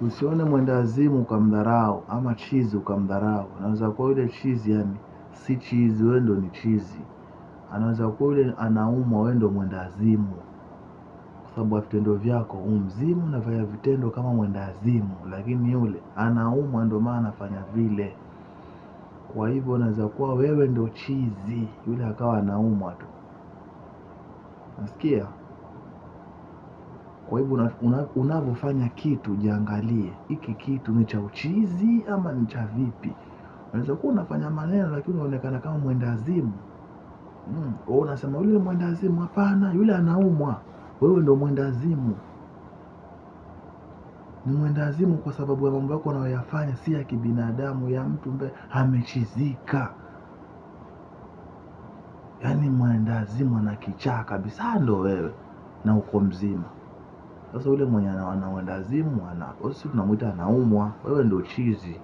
Usione mwendawazimu ukamdharau ama chizi ukamdharau. Anaweza kuwa yule chizi yani si chizi, wewe ndo ni chizi. Anaweza kuwa yule anaumwa, wewe ndo mwendawazimu, kwa sababu vitendo vyako umzimu, unafanya vitendo kama mwendawazimu, lakini yule anaumwa, ndo maana anafanya vile. Kwa hivyo unaweza kuwa wewe ndo chizi, yule akawa anaumwa tu, nasikia kwa hivyo unavyofanya una, kitu jiangalie, hiki kitu ni cha uchizi ama ni cha vipi? Unaweza kuwa unafanya maneno lakini unaonekana kama mwendazimu mm. Unasema yule mwendazimu, hapana, yule anaumwa, wewe ndo mwendazimu. Ni mwendazimu kwa sababu ya mambo yako unayoyafanya si ya kibinadamu, ya mtu ambaye amechizika yaani mwendazimu ana kichaa kabisa, ndo wewe na uko mzima. Sasa ule mwenye ana, ana uendazimu anaumwa, wewe ndio chizi.